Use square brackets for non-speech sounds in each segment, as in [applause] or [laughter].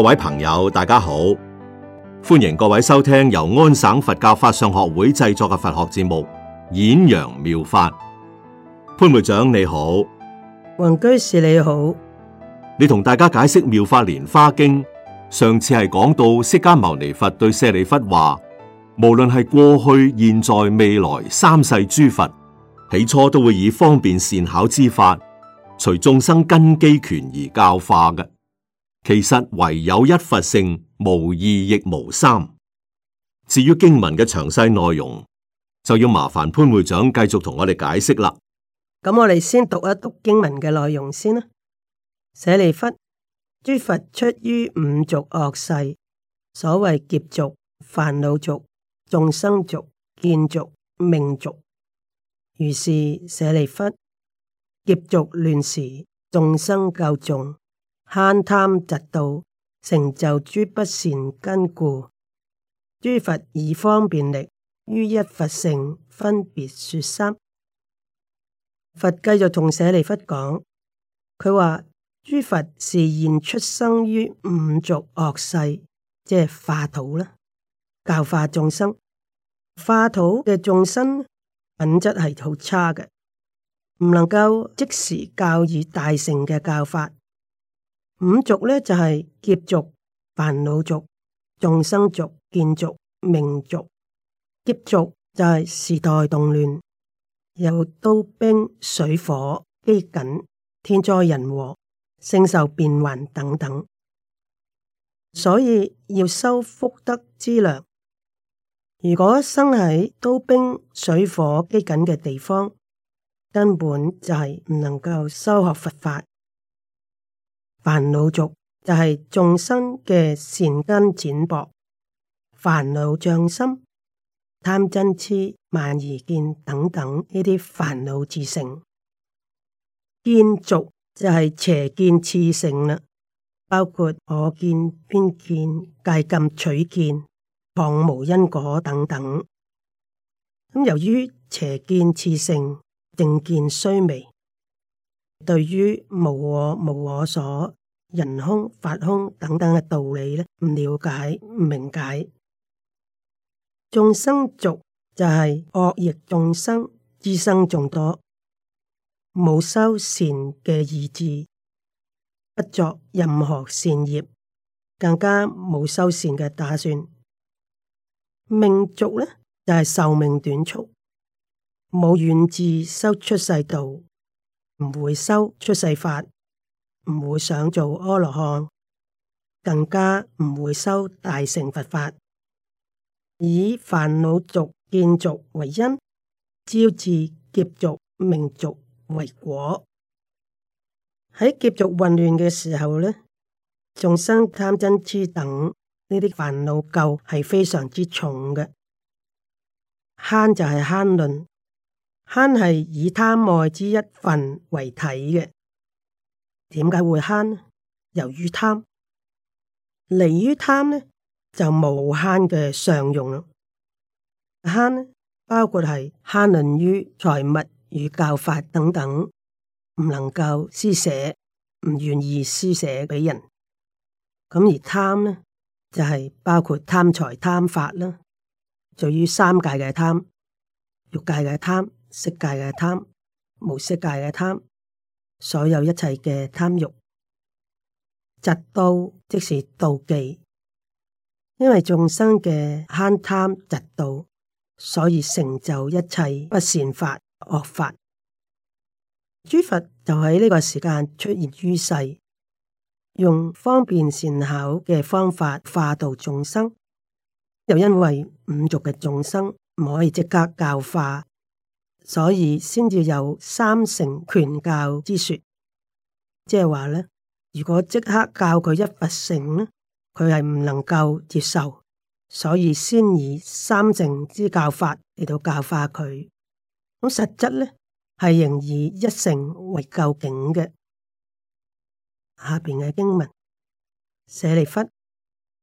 各位朋友，大家好，歡迎各位收聽由安省佛教法上學會製作嘅佛學節目《演揚妙，妙法》。潘會長你好，雲居士你好，你同大家解釋《妙法蓮花經》，上次係講到釋迦牟尼佛對舍利弗話，無論係過去、現在、未來三世諸佛，起初都會以方便善巧之法，隨眾生根基權而教化嘅。其實唯有一佛性，無二亦無三。至於經文嘅詳細內容，就要麻煩潘會長繼續同我哋解釋啦。咁我哋先讀一讀經文嘅內容先啦。舍利弗，諸佛出於五濁惡世，所謂劫濁、煩惱濁、眾生濁、見濁、命濁。於是舍利弗，劫濁亂時，眾生垢重。慳貪嫉妒，成就諸不善根故，諸佛以方便力，於一佛乘分別說三。佛繼續同舍利弗講，佢話諸佛是現出生於五濁惡世，即係化土啦，教化眾生。化土嘅眾生品質係好差嘅，唔能夠即時教以大乘嘅教法。五濁呢，就係劫濁、煩惱濁、眾生濁、見濁、命濁。劫濁就係時代動亂，有刀兵、水火、飢饉、天災人禍、星宿變幻等等。所以要修福德之糧。如果生喺刀兵、水火、飢饉嘅地方，根本就係唔能夠修學佛法。煩惱濁就係眾生嘅善根淺薄，煩惱障心貪嗔痴、慢疑見等等呢啲煩惱熾盛；見濁就係邪見熾盛啦，包括我見、邊見、戒禁取見、謗無因果等等。咁由於邪見熾盛，正見衰微，對於無我、無我所。人空、法空等等嘅道理呢，唔了解、唔明解。眾生族就係惡逆眾生，知生眾多，冇修善嘅意志，不作任何善業，更加冇修善嘅打算。命族呢，就係、是、壽命短促，冇遠志修出世道，唔會修出世法。唔會想做阿羅漢，更加唔會修大乘佛法，以煩惱濁見濁為因，招致劫濁命濁為果。喺劫濁混亂嘅時候呢，眾生貪嗔痴等呢啲煩惱垢係非常之重嘅。慳就係慳論，慳係以貪愛之一份為體嘅。點解會慳呢？由於貪，離於貪呢就無慳嘅常用啦。慳呢包括係慳吝於財物與教法等等，唔能夠施捨，唔願意施捨畀人。咁而貪呢就係、是、包括貪財貪法啦，在於三界嘅貪、欲界嘅貪、色界嘅貪、無色界嘅貪。所有一切嘅貪欲、嫉妒，即是妒忌。因為眾生嘅慳貪嫉妒，所以成就一切不善法、惡法。諸佛就喺呢個時間出現於世，用方便善巧嘅方法化度眾生。又因為五族嘅眾生唔可以即刻教化。所以先至有三乘權教之說，即係話咧，如果即刻教佢一佛乘，咧，佢係唔能夠接受，所以先以三乘之教法嚟到教化佢。咁實質咧係仍以一乘為究竟嘅。下邊嘅經文舍利弗，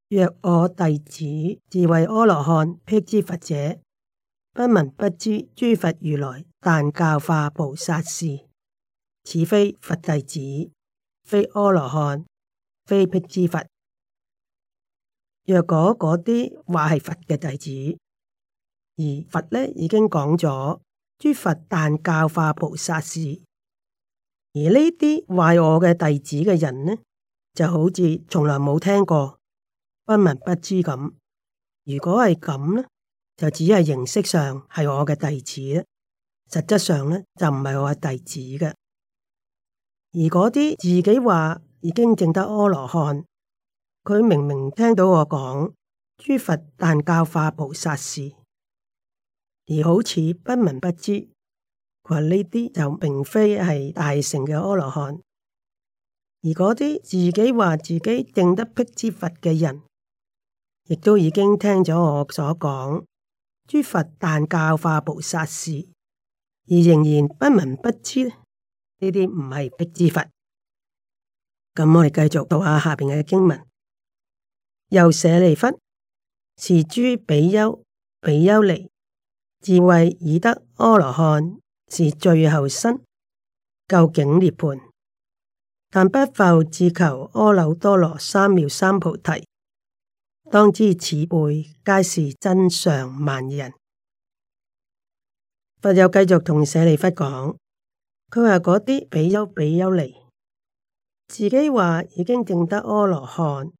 若我弟子自謂阿羅漢辟支佛者。不聞不知，諸佛如來但教化菩薩事。此非佛弟子，非阿羅漢，非辟支佛。若果嗰啲話係佛嘅弟子，而佛呢已經講咗：「諸佛但教化菩薩事」。而呢啲話我嘅弟子嘅人呢，就好似從來冇聽過，不聞不知咁。如果係咁呢？就只係形式上係我嘅弟子咧，實質上呢就唔係我嘅弟子嘅。而嗰啲自己話已經淨得阿羅漢，佢明明聽到我講「諸佛但教化菩薩事」，而好似不聞不知。佢話呢啲就並非係大乘嘅阿羅漢。而嗰啲自己話自己淨得辟支佛嘅人，亦都已經聽咗我所講。諸佛但教化菩薩事，而仍然不聞不知，呢啲唔係辟支佛。咁我哋繼續讀下下邊嘅經文：又舍利弗，是諸比丘，比丘尼，智慧已得阿羅漢，是最後身，究竟涅槃，但不復自求阿耨多羅三藐三菩提。當知此輩皆是增上慢人，佛又繼續同舍利弗講，佢話嗰啲比丘比丘尼自己話已經證得阿羅漢，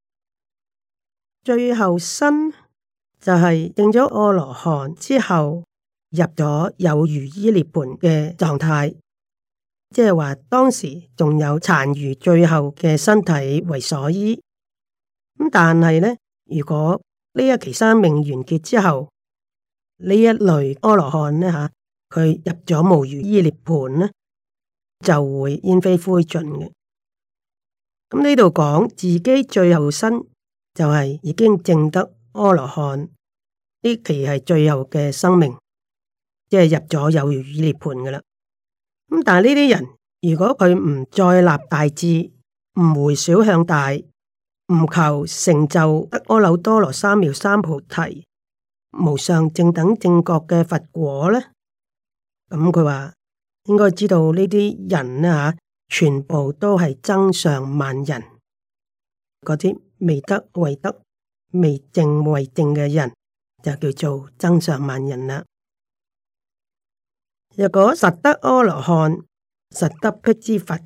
最後身就係證咗阿羅漢之後入咗有餘依涅盤嘅狀態，即係話當時仲有殘餘最後嘅身體為所依，咁但係呢。如果呢一期生命完結之後，呢一類阿羅漢呢，吓、啊，佢入咗無餘依涅槃呢，就會煙飛灰盡嘅。咁呢度講自己最後身就係已經證得阿羅漢，呢期係最後嘅生命，即係入咗有餘依涅槃㗎喇。咁、嗯、但係呢啲人，如果佢唔再立大志，唔回小向大。唔求成就得阿耨多羅三藐三菩提無上正等正覺嘅佛果咧，咁佢話應該知道呢啲人咧、啊、全部都係增上慢人，嗰啲未得謂得、未證謂證嘅人，就叫做增上慢人啦。若果實得阿羅漢，實得辟支佛，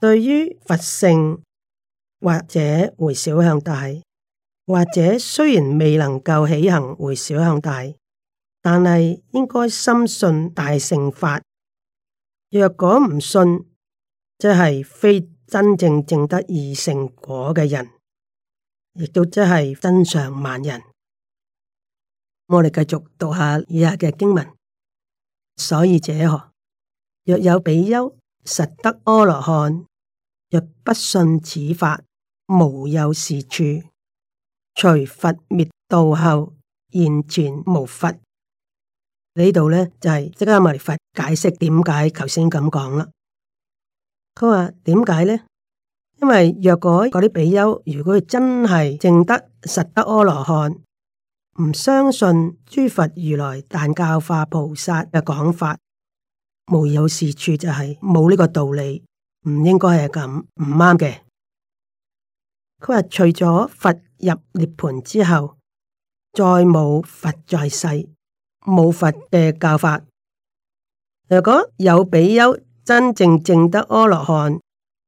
對於佛性，或者回小向大，或者雖然未能夠起行回小向大，但係應該深信大乘法。若果唔信，即係非真正證得二乘果嘅人，亦都即係增上慢人。我哋繼續讀下以下嘅經文。所以者何？若有比丘實得阿羅漢，若不信此法。無有是處，除佛滅度後，現前無佛。呢度呢，就係即刻我哋佛解釋點解頭先咁講啦。佢話點解呢？因為若果嗰啲比丘如果佢真係淨得實得、阿羅漢，唔相信諸佛如來但教化菩薩嘅講法，無有是處，就係冇呢個道理，唔應該係咁，唔啱嘅。佢話除咗佛入涅槃之後，再冇佛在世，冇佛嘅教法。若果有比丘真正證得阿羅漢，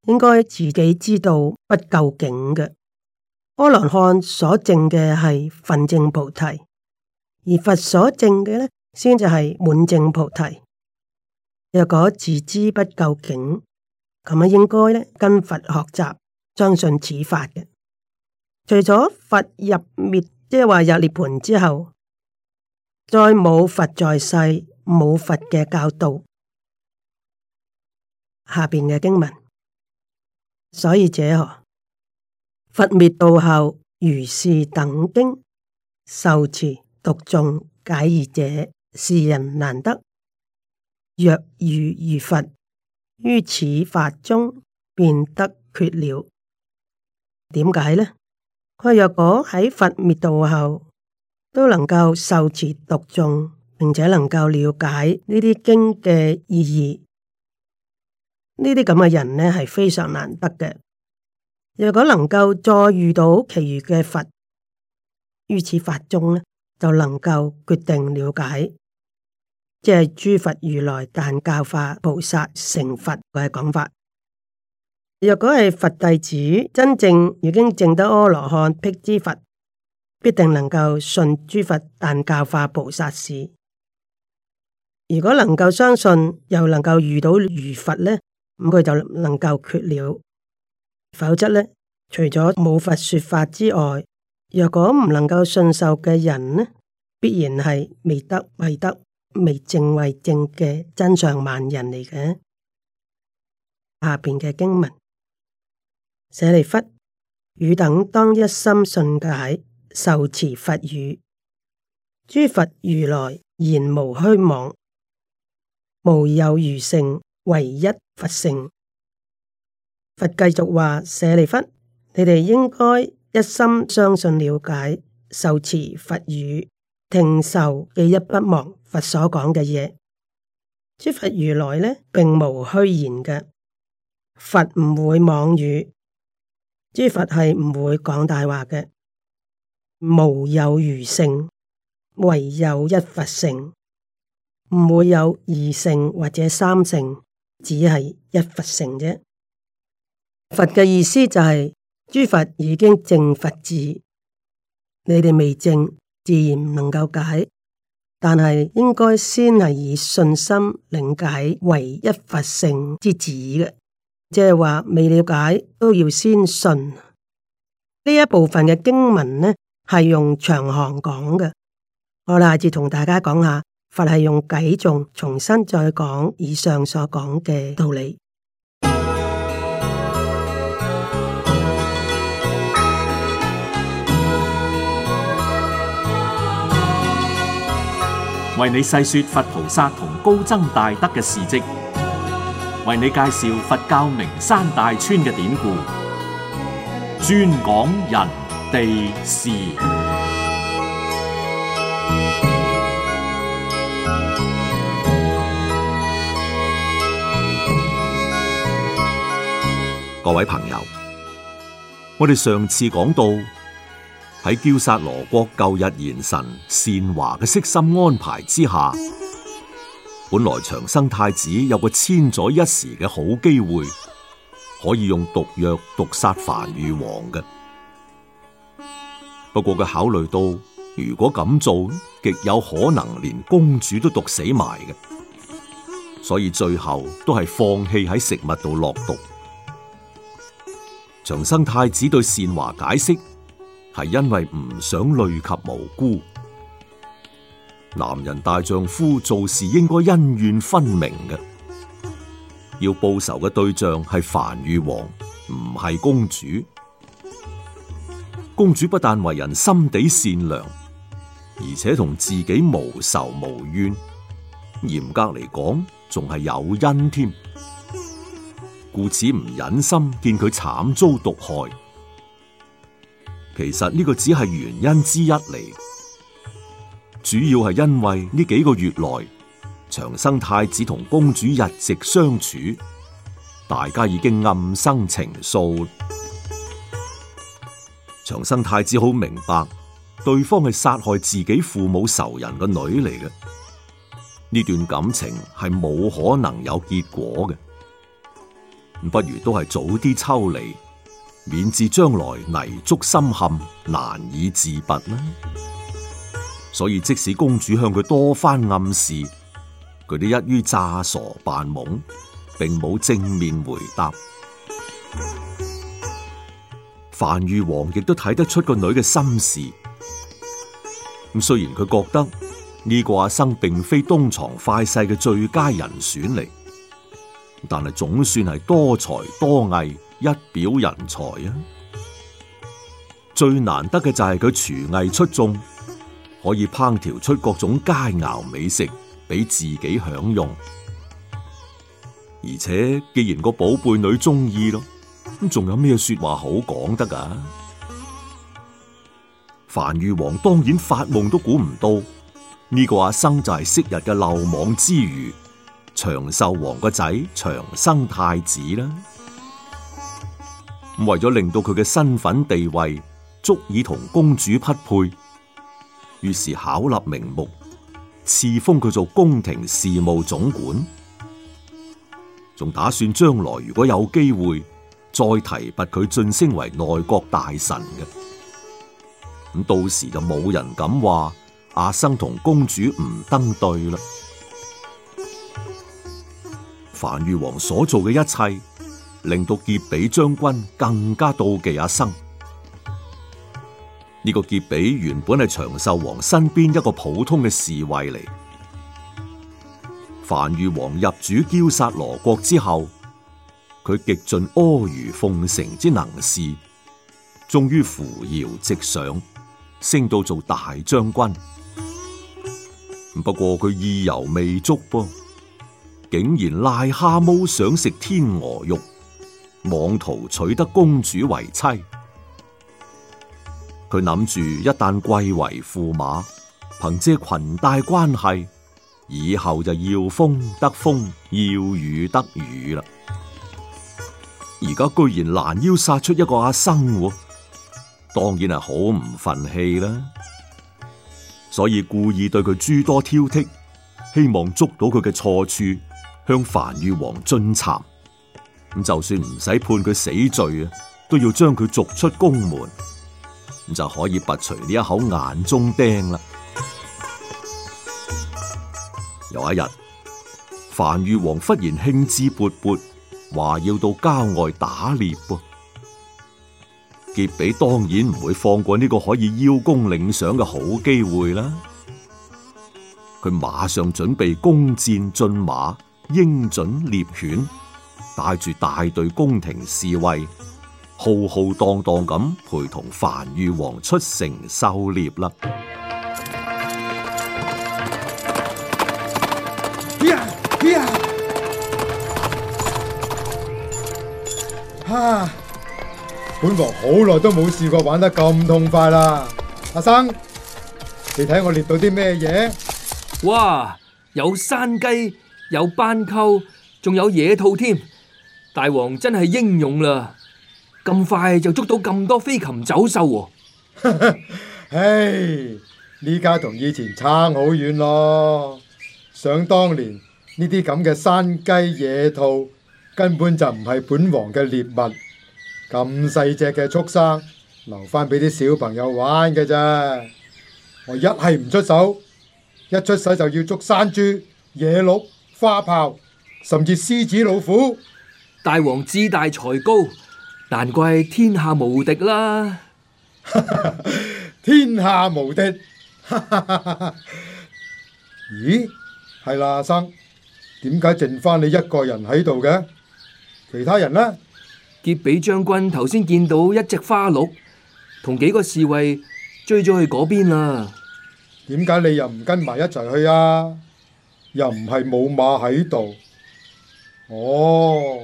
應該自己知道不究竟嘅。阿羅漢所證嘅係分證菩提，而佛所證嘅呢，先就係滿證菩提。若果自知不究竟，咁啊應該呢跟佛學習。相信此法嘅，除咗佛入滅，即係話入涅槃之後，再冇佛在世，冇佛嘅教導，下邊嘅經文，所以者何，佛滅度後，如是等經受持讀誦解義者，是人難得。若遇餘佛於此法中，便得決了。點解呢？佢若果喺佛滅度後都能夠受持讀誦，並且能夠了解呢啲經嘅意義，呢啲咁嘅人呢，係非常難得嘅。若果能夠再遇到其餘嘅佛，於此法中呢，就能夠決定了解，即係諸佛如來但教化菩薩成佛嘅講法。若果係佛弟子真正已經證得阿羅漢辟支佛，必定能夠信諸佛，但教化菩薩事。如果能夠相信，又能夠遇到如佛呢，咁佢就能夠缺了。否則呢，除咗冇佛說法之外，若果唔能夠信受嘅人呢，必然係未得謂得，未證，謂證嘅真相盲人嚟嘅。下邊嘅經文。舍利弗，汝等當一心信解受持佛語，諸佛如來言無虛妄，無有餘性，唯一佛性。佛繼續話：舍利弗，你哋應該一心相信了解受持佛語，聽受記憶不忘佛所講嘅嘢。諸佛如來呢，並無虛言嘅，佛唔會妄語。諸佛係唔會講大話嘅，無有餘性，唯有一佛性，唔會有二性或者三性，只係一佛性啫。佛嘅意思就係、是，諸佛已經證佛智，你哋未證，自然唔能夠解，但係應該先係以信心領解為一佛性之旨嘅。即係話未了解都要先信。呢一部分嘅經文呢，係用長行講嘅。我下次同大家講下，佛係用偈頌重，重新再講以上所講嘅道理。為你細說佛菩薩同高僧大德嘅事跡。為你介紹佛教名山大川嘅典故，專講人地事。各位朋友，我哋上次講到喺憍薩羅國舊日賢神善華嘅悉心安排之下。本來長生太子有個千載一時嘅好機會，可以用毒藥毒殺梵豫王嘅。不過佢考慮到如果咁做，極有可能連公主都毒死埋嘅，所以最後都係放棄喺食物度落毒。長生太子對善華解釋，係因為唔想累及無辜。男人大丈夫做事應該恩怨分明嘅，要報仇嘅對象係樊宇王，唔係公主。公主不但為人心地善良，而且同自己無仇無怨，嚴格嚟講仲係有恩添，故此唔忍心見佢慘遭毒害。其實呢個只係原因之一嚟。主要係因為呢幾個月來，長生太子同公主日夕相處，大家已經暗生情愫。長生太子好明白，對方係殺害自己父母仇人嘅女嚟嘅，呢段感情係冇可能有結果嘅，不如都係早啲抽離，免至將來泥足深陷，難以自拔呢。所以，即使公主向佢多番暗示，佢哋一於詐傻扮懵，並冇正面回答。范御王亦都睇得出個女嘅心事。咁雖然佢覺得呢、這個阿生並非東床快婿嘅最佳人選嚟，但係總算係多才多藝、一表人才啊！最難得嘅就係佢廚藝出眾。可以烹調出各種佳肴美食俾自己享用，而且既然個寶貝女中意咯，咁仲有咩說話好講得㗎？梵豫王當然發夢都估唔到，呢、這個阿生就係昔日嘅漏網之魚，長壽王個仔長生太子啦。咁為咗令到佢嘅身份地位足以同公主匹配。於是巧立名目，賜封佢做宮廷事務總管，仲打算將來如果有機會，再提拔佢晉升為內閣大臣嘅。咁到時就冇人敢話阿生同公主唔登對啦。樊御王所做嘅一切，令到傑比將軍更加妒忌阿生。呢個劫毗原本係長壽王身邊一個普通嘅侍衛嚟。梵御王入主憍薩羅國之後，佢極盡阿諛奉承之能事，終於扶搖直上，升到做大將軍。不過佢意猶未足噃，竟然癩蝦蟆想食天鵝肉，妄圖娶得公主為妻。佢諗住一旦貴為駙馬，憑藉裙帶關係，以後就要風得風，要雨得雨啦。而家居然攔腰殺出一個阿生，當然係好唔忿氣啦。所以故意對佢諸多挑剔，希望捉到佢嘅錯處，向樊御王進讒。咁就算唔使判佢死罪啊，都要將佢逐出宮門。咁就可以拔除呢一口眼中釘啦。有一日，樊裕皇忽然興致勃勃，話要到郊外打獵噃、啊。傑比當然唔會放過呢個可以邀功領賞嘅好機會啦、啊。佢馬上準備弓箭、駿馬、鷹隼、獵犬，帶住大隊宮廷侍衛。浩浩蕩蕩咁陪同梵豫王出城狩獵啦！哈、啊！本王好耐都冇試過玩得咁痛快啦！阿生，你睇我獵到啲咩嘢？哇！有山雞，有斑鳩，仲有野兔添！大王真係英勇啦！咁快就捉到咁多飛禽走獸喎、啊！唉，呢家同以前差好遠咯。想當年呢啲咁嘅山雞野兔根本就唔係本王嘅獵物，咁細隻嘅畜生留翻俾啲小朋友玩嘅啫。我一係唔出手，一出手就要捉山豬、野鹿、花豹，甚至獅子、老虎。大王智大才高。難怪天下無敵啦！ [laughs] 天下無敵！ [laughs] 咦，係啦，生，點解剩翻你一個人喺度嘅？其他人呢？傑比將軍，頭先見到一隻花鹿，同幾個侍衛追咗去嗰邊啦。點解你又唔跟埋一齊去啊？又唔係冇馬喺度？哦。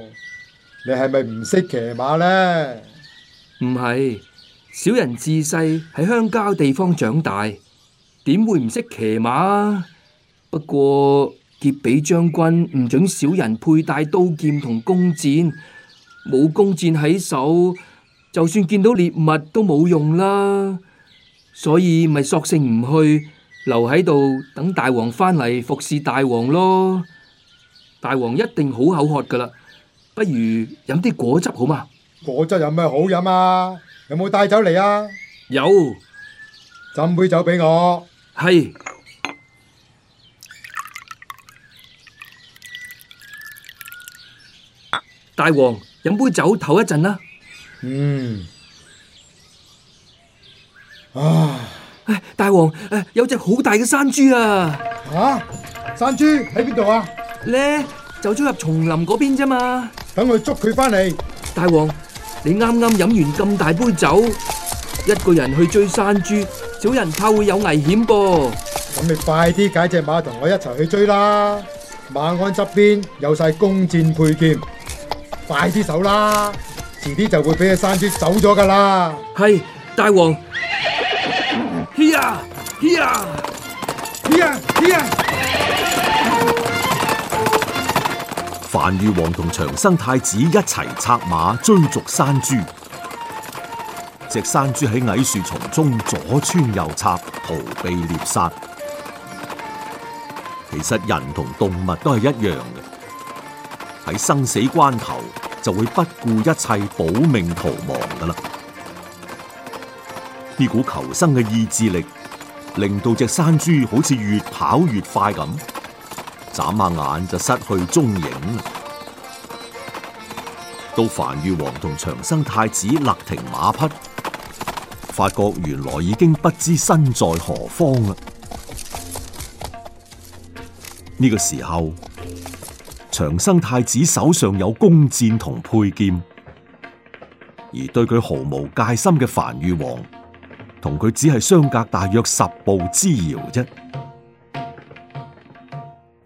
你係咪唔識騎馬咧？唔係，小人自細喺鄉郊地方長大，點會唔識騎馬？不過，劫比將軍唔准小人佩戴刀劍同弓箭，冇弓箭喺手，就算見到獵物都冇用啦。所以咪索性唔去，留喺度等大王翻嚟服侍大王咯。大王一定好口渴噶啦。不如飲啲果汁好嘛？果汁有咩好飲啊？有冇帶酒嚟啊？有，斟杯酒俾我。係，大王飲杯酒唞一陣啦。嗯。啊！大王，誒，有隻好大嘅山豬啊！啊？山豬喺邊度啊？呢？就追入叢林嗰邊啫嘛，等我捉佢翻嚟。大王，你啱啱飲完咁大杯酒，一個人去追山豬，小人怕會有危險噃。咁你快啲解隻馬同我一齊去追啦！馬鞍側邊有晒弓箭配件，快啲走啦！遲啲就會俾隻山豬走咗噶啦。係，大王。呀呀呀呀！萬禦王同長生太子一齊策馬追逐山豬，隻山豬喺矮樹叢中左穿右插，逃避獵殺。其實人同動物都係一樣嘅，喺生死關頭就會不顧一切保命逃亡噶啦。呢股求生嘅意志力，令到隻山豬好似越跑越快咁。眨下眼就失去蹤影，到樊玉王同長生太子勒停馬匹，發覺原來已經不知身在何方啦。呢個時候，長生太子手上有弓箭同佩劍，而對佢毫無戒心嘅樊玉王，同佢只係相隔大約十步之遙啫。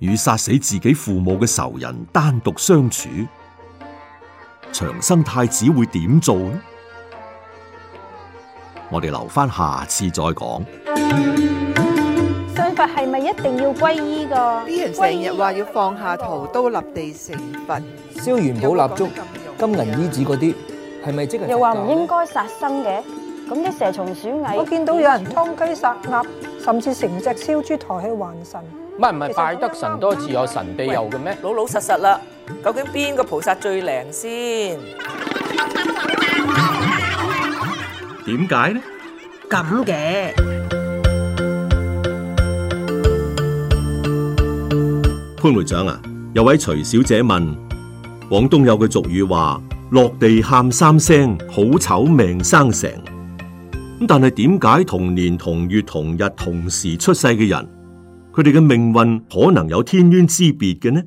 與殺死自己父母嘅仇人單獨相處，長生太子會點做呢？我哋留翻下，下次再講。信佛係咪一定要皈依噶？成日話要放下屠刀立地成佛，燒元寶蠟燭、金銀衣紙嗰啲，係咪、啊、即係？又話唔應該殺生嘅，咁啲蛇蟲鼠蟻，我見到有人劏雞殺鴨，甚至成隻燒豬抬去還神。乜唔係，拜得神多自有神庇佑嘅咩？老老實實啦，究竟邊個菩薩最靈先？點解呢？咁嘅潘會長啊，有位徐小姐問：廣東有句俗語話：落地喊三聲，好醜命生成。咁但係點解同年同月同日同時出世嘅人，佢哋嘅命運可能有天淵之別嘅呢？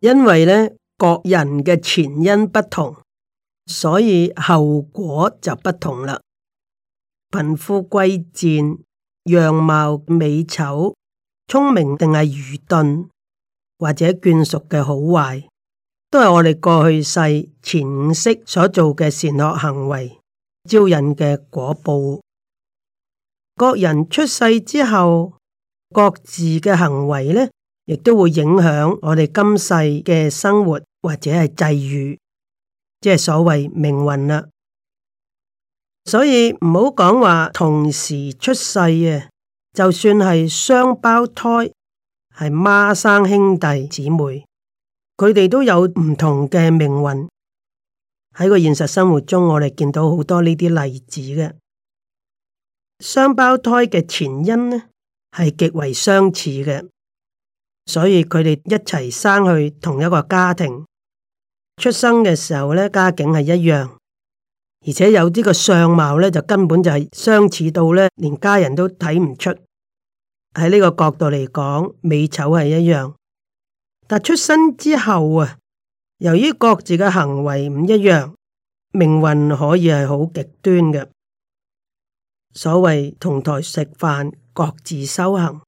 因為咧，各人嘅前因不同，所以後果就不同啦。貧富貴賤、樣貌美醜、聰明定係愚鈍，或者眷屬嘅好壞，都係我哋過去世前五識所做嘅善惡行為招引嘅果報。各人出世之後。各自嘅行為呢，亦都會影響我哋今世嘅生活或者係際遇，即係所謂命運啦。所以唔好講話同時出世啊，就算係雙胞胎，係孖生兄弟姊妹，佢哋都有唔同嘅命運。喺個現實生活中，我哋見到好多呢啲例子嘅雙胞胎嘅前因呢，係極為相似嘅，所以佢哋一齊生去同一個家庭，出生嘅時候呢，家境係一樣，而且有啲個相貌呢，就根本就係相似到呢，連家人都睇唔出。喺呢個角度嚟講，美醜係一樣，但出生之後啊，由於各自嘅行為唔一樣，命運可以係好極端嘅。所謂同台食飯。各自修行，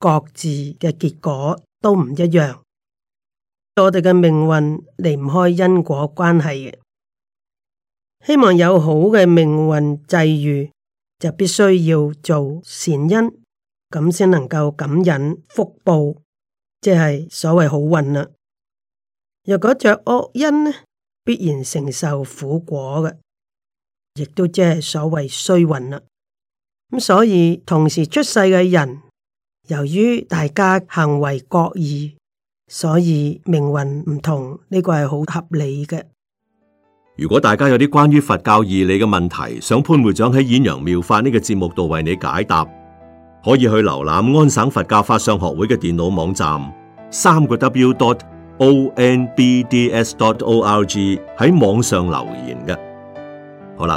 各自嘅結果都唔一樣。我哋嘅命運離唔開因果關係，希望有好嘅命運際遇，就必須要做善因，咁先能夠感引福報，即係所謂好運啦。若果着惡因呢，必然承受苦果嘅，亦都即係所謂衰運啦。咁所以同時出世嘅人，由於大家行為各異，所以命運唔同。呢個係好合理嘅。如果大家有啲關於佛教義理嘅問題，想潘會長喺《演揚妙法》呢個節目度為你解答，可以去瀏覽安省佛教法相學會嘅電腦網站，三個 w dot o n b d s dot o l g 喺網上留言嘅。好啦。